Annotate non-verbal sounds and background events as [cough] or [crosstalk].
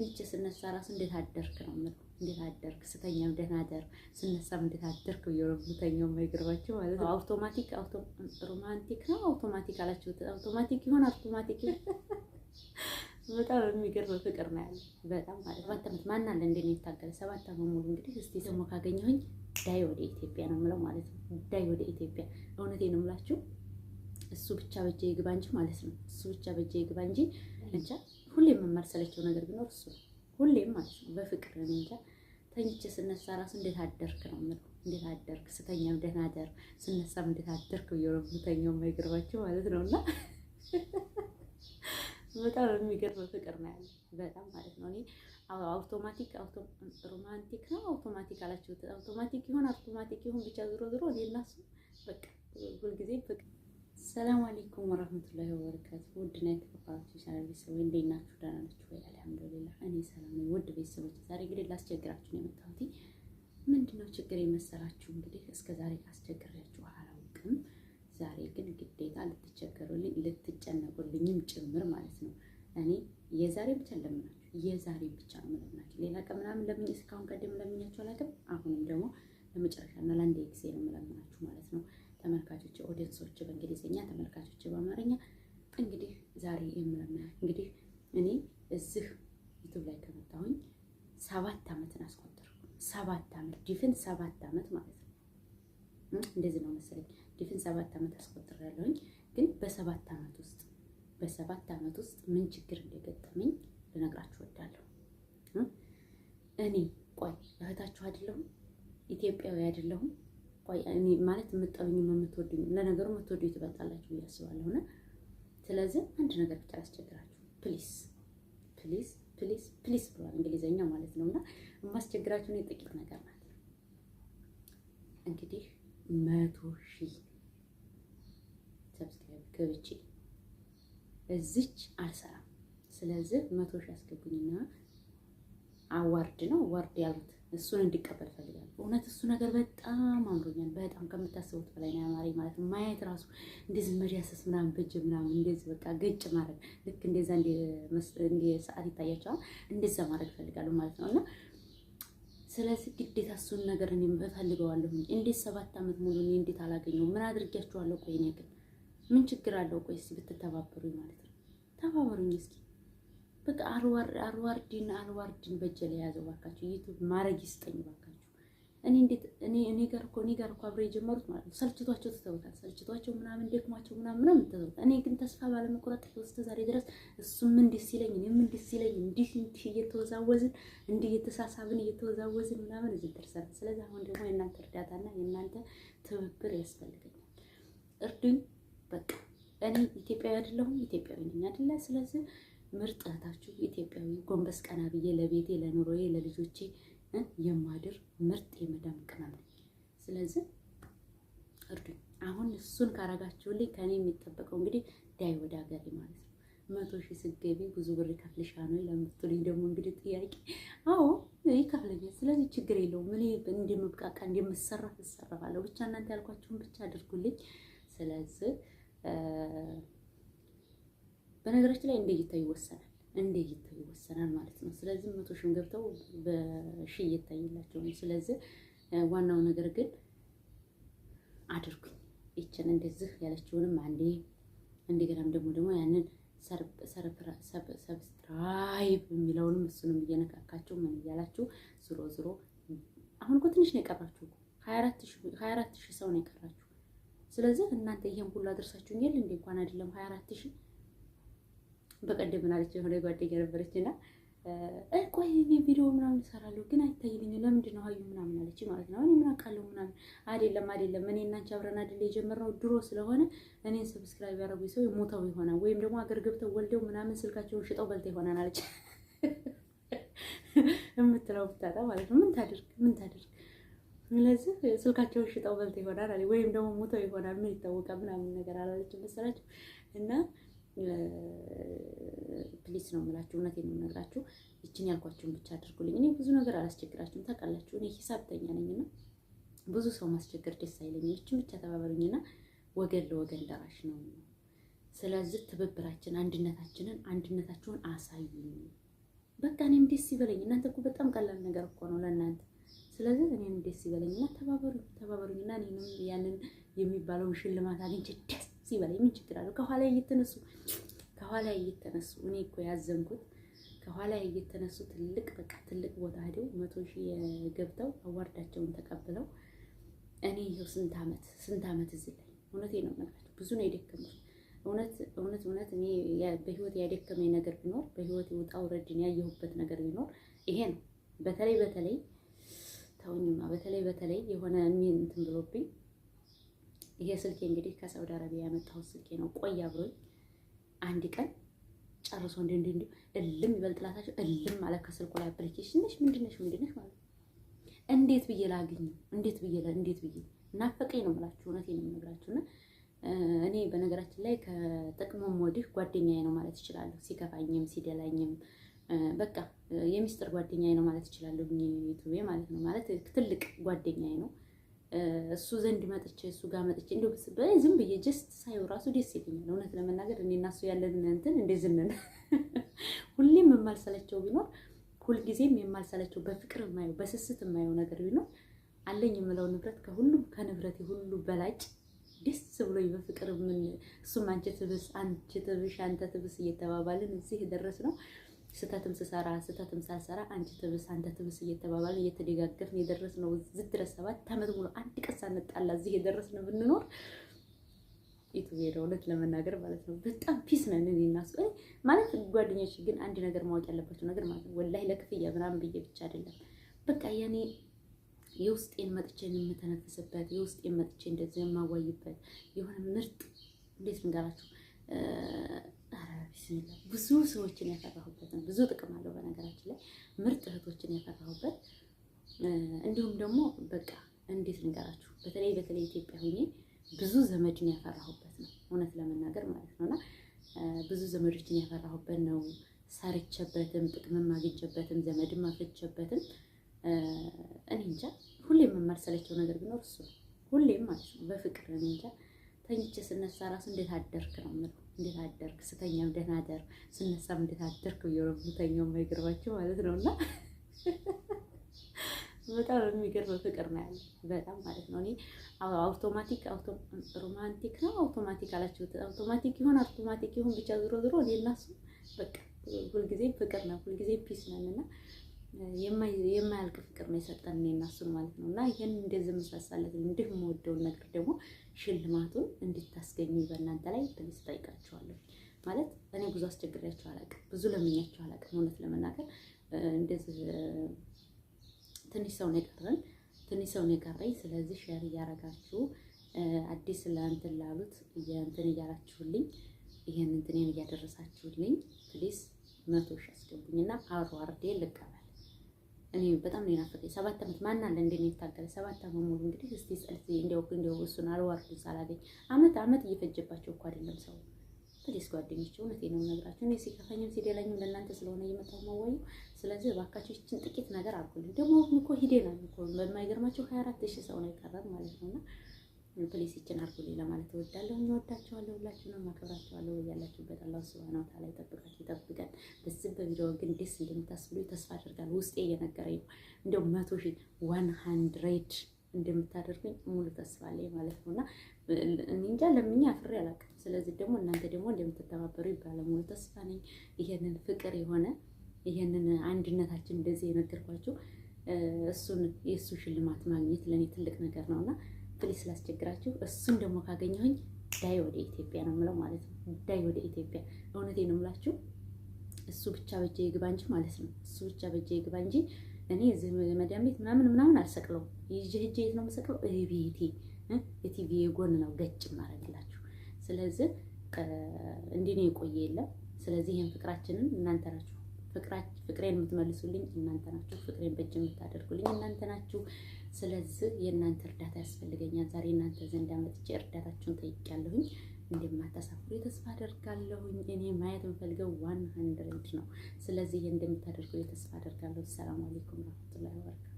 ልጅ ስነሳ ራሱ እንዴት አደርክ ነው የምልህ። እንዴት አደርክ ስተኛም ደህና አደር ስነሳም እንዴት አደርክ ብዬ ነው የምተኛው። ማለት ነው። አውቶማቲክ ሮማንቲክ ነው አውቶማቲክ አላችሁት። አውቶማቲክ ይሆን አውቶማቲክ። [laughs] በጣም የሚገርም ፍቅር ነው ያለ በጣም ማለት ሰባት ዓመት ማን አለ እንደ እኔ ሰባት ዓመት ሙሉ እንግዲህ እስቲ ደግሞ ካገኘሁኝ ዳይ ወደ ኢትዮጵያ ነው የምለው ማለት ነው። ዳይ ወደ ኢትዮጵያ እውነቴን ነው የምላችሁ። እሱ ብቻ በጀ ይግባ እንጂ ማለት ነው። እሱ ብቻ በጀ ይግባ እንጂ እንጃ ሁሌም የማልሰለቸው ነገር ቢኖር እሱ ሁሌም ማለት ነው በፍቅር እንጃ ተኝቼ ስነሳ ራሱ እንዴት አደርክ ነው የምልህ። እንዴት አደርክ ስተኛም ደህና አደር ስነሳም እንዴት አደርክ ብዬ ነው የምተኛው። የማይገርባችሁ ማለት ነው። እና [laughs] በጣም የሚገርም ፍቅር ነው ያለ በጣም ማለት ነው። እኔ አውቶማቲክ ሮማንቲክ ነው አውቶማቲክ አላችሁት። አውቶማቲክ ይሁን አውቶማቲክ ይሁን ብቻ ዞሮ ዞሮ እኔ እና እሱ በቃ ሁልጊዜ ፍቅር ሰላም አለይኩም ወራህመቱላሂ ወበረካቱ። ውድና የተከበራችሁ ቻናል ቤተሰቦች እንዴት ናችሁ? ደህና ናችሁ ወይ? አልሐምዱሊላህ እኔ ሰላም ነኝ። ውድ ቤተሰቦች ዛሬ እንግዲህ ላስቸግራችሁ ነው የመጣሁት። ምንድነው ችግር የመሰላችሁ እንግዲህ እስከ ዛሬ አስቸግራችሁ አላውቅም። ዛሬ ግን ግዴታ ልትቸገሩልኝ ልትጨነቁልኝም ጭምር ማለት ነው። እኔ የዛሬ ብቻ ለምናችሁ የዛሬ ብቻ ነው የምለምናችሁ። ሌላ ቀን ምናምን ለምን እስካሁን ቀደም ለምኛችሁ አላውቅም። አሁንም ደግሞ ለመጨረሻና ለአንድ ጊዜ ነው የምለምናችሁ ማለት ነው። ተመልካቾች ኦዲየንሶች በእንግሊዝኛ ተመልካቾች በአማርኛ እንግዲህ ዛሬ የምለምናል እንግዲህ እኔ እዚህ ዩቱብ ላይ ከመጣሁኝ ሰባት ዓመትን አስቆጠርኩ። ሰባት ዓመት ድፍን ሰባት ዓመት ማለት ነው። እንደዚህ ነው መሰለኝ ድፍን ሰባት ዓመት አስቆጥር ያለሁኝ ግን በሰባት ዓመት ውስጥ በሰባት ዓመት ውስጥ ምን ችግር እንደገጠመኝ ልነግራችሁ እወዳለሁ። እኔ ቆይ እህታችሁ አይደለሁም፣ ኢትዮጵያዊ አይደለሁም። ማለት የምጠሉኝ የምትወዱኝ ለነገሩ የምትወዱኝ ትበልጣላችሁ ብዬ አስባለሁ። ስለዚህ አንድ ነገር ብቻ አላስቸግራችሁ፣ ፕሊስ ፕሊስ ፕሊስ ፕሊስ ብሏል እንግሊዘኛ ማለት ነው። እና የማስቸግራችሁ እኔ ጥቂት ነገር ናት። እንግዲህ መቶ ሺህ ሰብስክራይብ ገብቼ እዚች አልሰራም። ስለዚህ መቶ ሺህ አስገቡኝና አዋርድ ነው ዋርድ ያሉት እሱን እንዲቀበል ፈልጋል። እውነት እሱ ነገር በጣም አምሮኛል። በጣም ከምታስቡት በላይ ነው ያማረኝ ማለት ነው። ማየት ራሱ እንደዚህ መዳሰስ ምናምን ብጅ ምናምን እንደዚህ በቃ ግጭ ማድረግ ልክ እንደዛ እንደ ሰዓት ይታያቸዋል። እንደዛ ማድረግ ፈልጋሉ ማለት ነው እና ስለዚህ ግዴታ እሱን ነገር እኔም እፈልገዋለሁ። እንዴት ሰባት ዓመት ሙሉ እኔ እንዴት አላገኘው? ምን አድርጊያችኋለሁ? ቆይ እኔ ግን ምን ችግር አለው? ቆይ እስኪ ብትተባበሩኝ ማለት ነው። ተባበሩኝ እስኪ በቃ አልዋርድን አልዋርድን በእጄ ላይ ያዘው ባካችሁ። ዩቱብ ማድረግ ይስጠኝ ባካችሁ። እኔ እንዴት እኔ እኔ ጋር እኮ እኔ ጋር እኮ አብረው የጀመሩት ማለት ነው። ሰልችቷቸው ትተውታል። ሰልችቷቸው ምናምን ደክሟቸው ምናምን ምናምን ትተውታል። እኔ ግን ተስፋ ባለመቁረጥ እስከ ዛሬ ድረስ እሱም እንዲህ ሲለኝ እኔም እንዲህ ሲለኝ እንዲህ እንዲህ እየተወዛወዝን እንዲህ እየተሳሳብን እየተወዛወዝን ምናምን እዚህ ደርሰናል። ስለዚህ አሁን ደግሞ የእናንተ እርዳታና የእናንተ ትብብር ያስፈልገኛል። እርዱኝ በቃ እኔ ኢትዮጵያዊ አይደለሁም ኢትዮጵያዊ ነኝ አይደለ? ስለዚህ ምርጥ እህታችሁ ኢትዮጵያዊ ጎንበስ ቀና ብዬ ለቤቴ ለኑሮዬ ለልጆቼ የማድር ምርጥ የመዳም ቅመም ነኝ። ስለዚህ እርዱኝ። አሁን እሱን ካረጋችሁልኝ ከኔ የሚጠበቀው እንግዲህ ዳይ ወደ ሀገሬ ማለት ነው። መቶ ሺህ ስገቢ ብዙ ብር ነው ለምትሉኝ ደግሞ እንግዲህ ጥያቄ አዎ ይከፍለኛል። ስለዚህ ችግር የለውም። እኔ እንደምብቃቃ እንደምሰራፍ እሰራፋለሁ። ብቻ እናንተ ያልኳችሁን ብቻ አድርጉልኝ። ስለዚህ በነገራችን ላይ እንደ እይታ ይወሰናል፣ እንደ እይታ ይወሰናል ማለት ነው። ስለዚህ መቶ ሺህም ገብተው በሺ እየታየላቸው። ስለዚህ ዋናው ነገር ግን አድርጉኝ ይችን እንደዚህ ያለችውንም አንዴ እንደገናም ደግሞ ደግሞ ያንን ሰብስክራይብ የሚለውንም እሱንም እየነካካችሁ ምን እያላችሁ ዝሮ ዝሮ አሁን እኮ ትንሽ ነው የቀራችሁ፣ ሀያ አራት ሺህ ሰው ነው የቀራችሁ። ስለዚህ እናንተ ይሄን ሁሉ አድርሳችሁ እንዴ? እንኳን አይደለም ሀያ አራት ሺህ በቀደም ምን የሆነ ጓደኛ ነበረች እና ቆይ እኔ ቪዲዮ ምናምን እሰራለሁ ግን አይታይልኝም፣ ለምንድን ነው ሀዩ ምናምን አለች ማለት ነው። እኔ ምን አውቃለሁ ምናምን አይደለም አይደለም፣ እኔ እና አብረን አይደለ የጀመርነው ድሮ ስለሆነ እኔን ሰብስክራይብ ያደረጉኝ ሰው የሞተው ይሆናል ወይም ደግሞ አገር ገብተው ወልደው ምናምን ስልካቸውን ሽጠው በልተው ይሆናል አለች [laughs] የምትለው ብታጣ ማለት ነው። ምን ታድርግ ምን ታድርግ። ስለዚህ ስልካቸውን ሽጠው በልተው ይሆናል አለች፣ ወይም ደግሞ ሞተው ይሆናል ምን ይታወቃል ምናምን ነገር አላለች መሰላቸው እና ፕሊስ ነው የምላችሁ። እውነት ነው የምነግራችሁ። ይችን ያልኳችሁን ብቻ አድርጉልኝ። እኔ ብዙ ነገር አላስቸግራችሁም ታውቃላችሁ። እኔ ሂሳብተኛ ነኝና ብዙ ሰው ማስቸገር ደስ አይለኝ። ይችን ብቻ ተባበሩኝና ወገን ለወገን ደራሽ ነው። ስለዚህ ትብብራችን፣ አንድነታችንን አንድነታችሁን አሳዩኝ። በቃ እኔም ደስ ይበለኝ። እናንተ እኮ በጣም ቀላል ነገር እኮ ነው ለእናንተ። ስለዚህ እኔም ደስ ይበለኝና ተባበሩኝ፣ ተባበሩኝና እኔም ያንን የሚባለውን ሽልማት አግኝቼ ደስ ሲበላይ ምን ችግር አለው? ከኋላ እየተነሱ ከኋላ እየተነሱ እኔ እኮ ያዘንኩት ከኋላ እየተነሱ ትልቅ በቃ ትልቅ ቦታ ሄደው መቶ ሺህ ገብተው አዋርዳቸውን ተቀብለው እኔ ይኸው ስንት ዓመት ስንት ዓመት እዚህ ላይ እውነቴ ነው የምነግራቸው። ብዙ ነው የደከመው እውነት እውነት እውነት እኔ በህይወት ያደከመኝ ነገር ቢኖር በህይወት ውጣ ውረድን ያየሁበት ነገር ቢኖር ይሄ ነው። በተለይ በተለይ ተውኝማ በተለይ በተለይ የሆነ እንትን ብሎብኝ ይሄ ስልኬ እንግዲህ ከሳውዲ አረቢያ ያመጣሁት ስልኬ ነው። ቆይ አብሮኝ አንድ ቀን ጨርሶ እንዲህ እንዲህ እንዲህ እልም ይበልጥላታችሁ እልም ማለት ከስልኩ ላይ አፕሊኬሽን ነሽ ምንድነሽ ምንድነሽ ማለት እንዴት ብዬ ላግኝ እንዴት ብዬ ላ እንዴት ብዬ ናፈቀኝ ነው የምላችሁ። እውነቴን ነው የምነግራችሁ። የምነግራችሁና እኔ በነገራችን ላይ ከጥቅሙም ወዲህ ጓደኛዬ ነው ማለት እችላለሁ። ሲከፋኝም ሲደላኝም በቃ የሚስጥር ጓደኛዬ ነው ማለት እችላለሁ። ዩቱቤ ማለት ነው ማለት ትልቅ ጓደኛዬ ነው። እሱ ዘንድ መጥቼ እሱ ጋር መጥቼ እንዲሁ ዝም ብዬ ጀስት ሳይው ራሱ ደስ ይለኛል። እውነት ለመናገር እኔ እና እሱ ያለን እንትን እንደዚህ ነን። [laughs] ሁሌም የማልሰለቸው ቢኖር ሁልጊዜም የማልሰለቸው በፍቅር የማየው በስስት የማየው ነገር ቢኖር አለኝ የምለው ንብረት ከሁሉም ከንብረት ሁሉ በላጭ ደስ ብሎኝ በፍቅር ምን እሱም አንቺ ትብስ አንቺ ትብሽ አንተ ትብስ እየተባባልን እዚህ የደረስ ነው። ስተትም ስሰራ ስተትም ሳልሰራ አንቺ ትብስ አንተ ትብስ እየተባባልን እየተደጋገፍን የደረስነው እዚህ ድረስ ሰባት ዓመት ሙሉ አንድ ቀን ሳንጣላ እዚህ የደረስን ብንኖር ኢትዮጵያ እውነት ለመናገር ማለት ነው በጣም ፒስ ነን እኔና እሱ ማለት ጓደኞች። ግን አንድ ነገር ማወቅ ያለባቸው ነገር ማለት ነው ወላሂ ለክፍያ ምናምን ብዬ ብቻ አይደለም በቃ ያኔ የውስጤን መጥቼ የምተነፍስበት የውስጤን መጥቼ እንደዚህ የማዋይበት የሆነ ምርጥ እንዴት እንጋራችሁ ቢስሚላ ብዙ ሰዎችን ያፈራሁበት ነው። ብዙ ጥቅም አለው። በነገራችን ላይ ምርጥ እህቶችን ያፈራሁበት እንዲሁም ደግሞ በቃ እንዴት ልንገራችሁ፣ በተለይ በተለይ ኢትዮጵያ ሆኜ ብዙ ዘመድን ያፈራሁበት ነው። እውነት ለመናገር ማለት ነውና ብዙ ዘመዶችን ያፈራሁበት ነው። ሰርቼበትም ጥቅምም አግኝቼበትም ዘመድም አፍርቼበትም እኔ እንጃ ሁሌም የማልሰለቸው ነገር ቢኖር እሱ ሁሌም ማለት ነው በፍቅር እኔ እንጃ ተኝቼ ስነሳ ራሱ እንዴት አደርክ ነው የምልህ። እንዴት አደርክ ስተኛም ደህና አደር ስነሳም እንዴት አደርክ ብዬ ነው የምተኛው። የማይገርባቸው ማለት ነው። እና በጣም የሚገርም ፍቅር ነው ያለ በጣም ማለት ነው። እኔ አውቶማቲክ ሮማንቲክ ነው አውቶማቲክ አላችሁት። አውቶማቲክ ይሁን አውቶማቲክ ይሁን ብቻ ዞሮ ዞሮ እኔ እና እሱ በቃ ሁልጊዜም ፍቅር ነው፣ ሁልጊዜም ፒስ ነን እና የማያልቅ ፍቅር ነው የሰጠን እኔና እሱን ማለት ነው። እና ይህን እንደዚህ መሳሳለት እንዲህ የምወደውን ነገር ደግሞ ሽልማቱን እንድታስገኙ በእናንተ ላይ ትንሽ ጠይቃችኋለሁ። ማለት እኔ ብዙ አስቸግሬያቸው አላውቅም፣ ብዙ ለምኛቸው አላውቅም። እውነት ለመናገር እንደዚህ ትንሽ ሰው ነው የቀረን፣ ትንሽ ሰው ነው የቀረኝ። ስለዚህ ሼር እያረጋችሁ አዲስ ለእንትን ላሉት እንትን እያላችሁልኝ ይህን እያደረሳችሁልኝ ፕሊስ መቶ ሺህ አስገቡኝና አሯርዴ ልቀበል እኔ በጣም ነው የናፈቀኝ። ሰባት ዓመት ማን አለ እንደ የታገለ ሰባት ዓመት ሙሉ እንግዲህ እስቲ ጸልቲ እንደው እንደው እሱን አልዋርዱን ሳላገኝ ዓመት ዓመት እየፈጀባቸው እኮ አይደለም ሰው ፕሊስ ጓደኞች፣ እውነቴን ነው የምነግራችሁ። እኔ ሲከፋኝም ሲደላኝም ለእናንተ ስለሆነ እየመጣሁ መዋዩ። ስለዚህ እባካችሁ ይችን ጥቂት ነገር አድርጉልኝ። ደግሞ እኮ ሂደናል እኮ በማይገርማቸው ሀያ አራት ሺህ ሰው ነው የቀረብ ማለት ነው እና ፕሊስ ይችን ሌላ ለማለት እወዳለሁ። እንወዳችኋለሁ፣ ሁላችሁንም ማከብራችኋለሁ። እያላችሁበት አላህ ሱብሃነሁ ወተዓላ ይጠብቃችሁ፣ ይጠብቀን። በዚህ በቪዲዮ ግን ደስ እንደምታስብሉ ተስፋ አድርጋለሁ። ውስጤ እየነገረኝ ነው። እንደው መቶ ሺ ዋን ሀንድሬድ እንደምታደርገኝ ሙሉ ተስፋ አለኝ ማለት ነው እና እንጃ ለምኛ አፍሬ አላውቅም። ስለዚህ ደግሞ እናንተ ደግሞ እንደምትተባበሩ ሙሉ ተስፋ ነኝ። ይሄንን ፍቅር የሆነ ይሄንን አንድነታችን እንደዚህ የነገርኳችሁ እሱን የእሱ ሽልማት ማግኘት ለእኔ ትልቅ ነገር ነው እና ፕሊስ ስላስቸግራችሁ እሱን ደግሞ ካገኘሁኝ ዳይ ወደ ኢትዮጵያ ነው ምለው ማለት ነው። ዳይ ወደ ኢትዮጵያ እውነት ነው ምላችሁ እሱ ብቻ በጀ ይግባ እንጂ ማለት ነው። እሱ ብቻ በጀ ይግባ እንጂ እኔ እዚህ መዳም ቤት ምናምን ምናምን አልሰቅለው ይዤ ሂጅ የት ነው የምሰቅለው? ቤቴ የቲቪ ጎን ነው ገጭ ማረግላችሁ። ስለዚህ እንዲህ ነው የቆየ የለም። ስለዚህ ይህን ፍቅራችንን እናንተ ናችሁ ፍቅሬን የምትመልሱልኝ እናንተ ናችሁ። ፍቅሬን በእጅ የምታደርጉልኝ እናንተ ናችሁ። ስለዚህ የእናንተ እርዳታ ያስፈልገኛል። ዛሬ እናንተ ዘንድ መጥቼ እርዳታችሁን ጠይቄያለሁኝ። እንደማታሳፍሩ የተስፋ አደርጋለሁኝ። እኔ ማየት የምፈልገው ዋን ሀንድረድ ነው። ስለዚህ እንደምታደርጉ የተስፋ አደርጋለሁ። ሰላም አለይኩም ረመቱላ ወበረካቱ